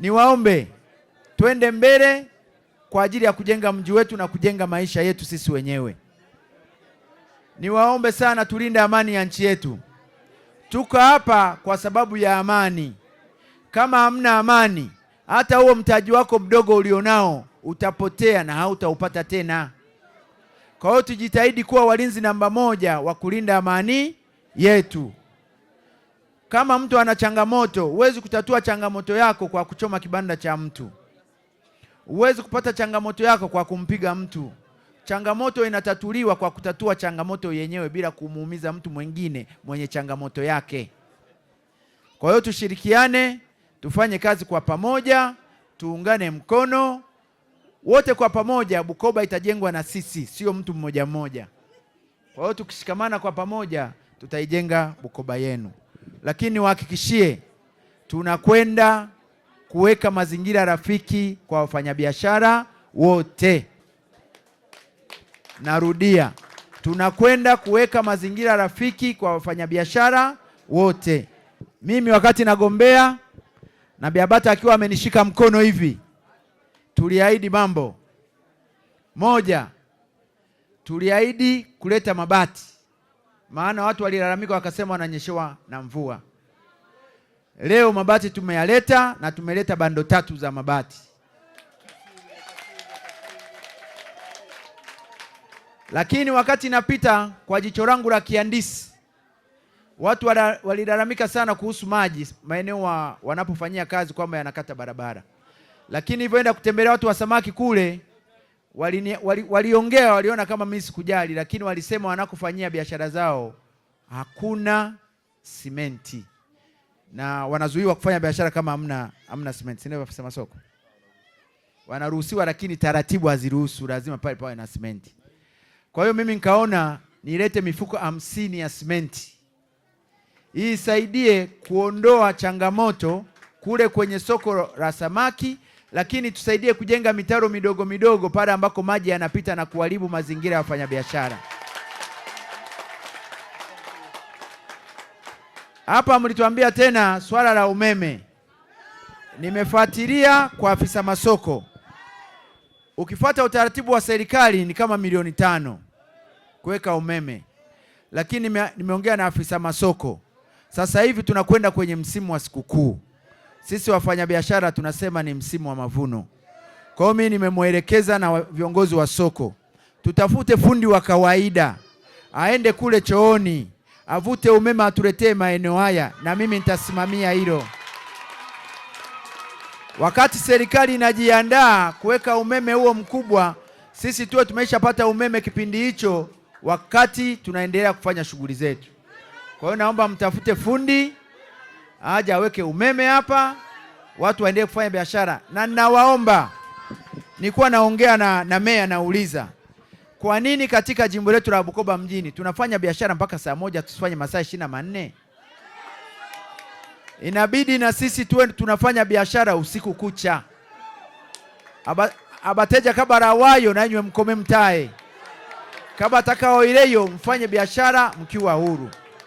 Niwaombe twende mbele kwa ajili ya kujenga mji wetu na kujenga maisha yetu sisi wenyewe. Niwaombe sana tulinde amani ya nchi yetu. Tuko hapa kwa sababu ya amani. Kama hamna amani, hata huo mtaji wako mdogo ulionao utapotea na hautaupata tena. Kwa hiyo tujitahidi kuwa walinzi namba moja wa kulinda amani yetu. Kama mtu ana changamoto, huwezi kutatua changamoto yako kwa kuchoma kibanda cha mtu. Huwezi kupata changamoto yako kwa kumpiga mtu. Changamoto inatatuliwa kwa kutatua changamoto yenyewe bila kumuumiza mtu mwingine mwenye changamoto yake. Kwa hiyo tushirikiane, tufanye kazi kwa pamoja, tuungane mkono wote kwa pamoja. Bukoba itajengwa na sisi, sio mtu mmoja mmoja. Kwa hiyo tukishikamana kwa pamoja, tutaijenga Bukoba yenu lakini niwahakikishie tunakwenda kuweka mazingira rafiki kwa wafanyabiashara wote. Narudia, tunakwenda kuweka mazingira rafiki kwa wafanyabiashara wote. Mimi wakati nagombea na Biabata akiwa amenishika mkono hivi, tuliahidi mambo moja, tuliahidi kuleta mabati maana watu walilalamika wakasema wananyeshewa na mvua. Leo mabati tumeyaleta na tumeleta bando tatu za mabati, lakini wakati napita kwa jicho langu la kihandisi, watu walilalamika sana kuhusu maji maeneo wa, wanapofanyia kazi kwamba yanakata barabara, lakini hivyoenda kutembelea watu wa samaki kule waliongea wali, wali waliona kama mimi sikujali, lakini walisema wanakofanyia biashara zao hakuna simenti na wanazuiwa kufanya biashara kama hamna hamna simenti, si ndio? soko wanaruhusiwa, lakini taratibu haziruhusu, lazima pale pawe na simenti. Kwa hiyo mimi nikaona nilete mifuko hamsini ya simenti hii isaidie kuondoa changamoto kule kwenye soko la samaki lakini tusaidie kujenga mitaro midogo midogo pale ambako maji yanapita na kuharibu mazingira ya wafanyabiashara. Hapa mlituambia tena swala la umeme, nimefuatilia kwa afisa masoko, ukifuata utaratibu wa serikali ni kama milioni tano kuweka umeme, lakini nimeongea na afisa masoko, sasa hivi tunakwenda kwenye msimu wa sikukuu sisi wafanyabiashara tunasema ni msimu wa mavuno. Kwa hiyo mimi nimemwelekeza na viongozi wa soko, tutafute fundi wa kawaida aende kule chooni avute umeme atuletee maeneo haya, na mimi nitasimamia hilo. Wakati serikali inajiandaa kuweka umeme huo mkubwa, sisi tuwe tumeshapata umeme kipindi hicho, wakati tunaendelea kufanya shughuli zetu. Kwa hiyo naomba mtafute fundi aje aweke umeme hapa, watu waendelee kufanya biashara. Na ninawaomba, nilikuwa naongea na, na meya nauliza kwa nini katika jimbo letu la Bukoba mjini tunafanya biashara mpaka saa moja, tusifanye masaa ishirini na manne? Inabidi na sisi tuwe tunafanya biashara usiku kucha. Aba, abateja kabarawayo nanywe mkome mtae kaba ileyo mfanye biashara mkiwa huru.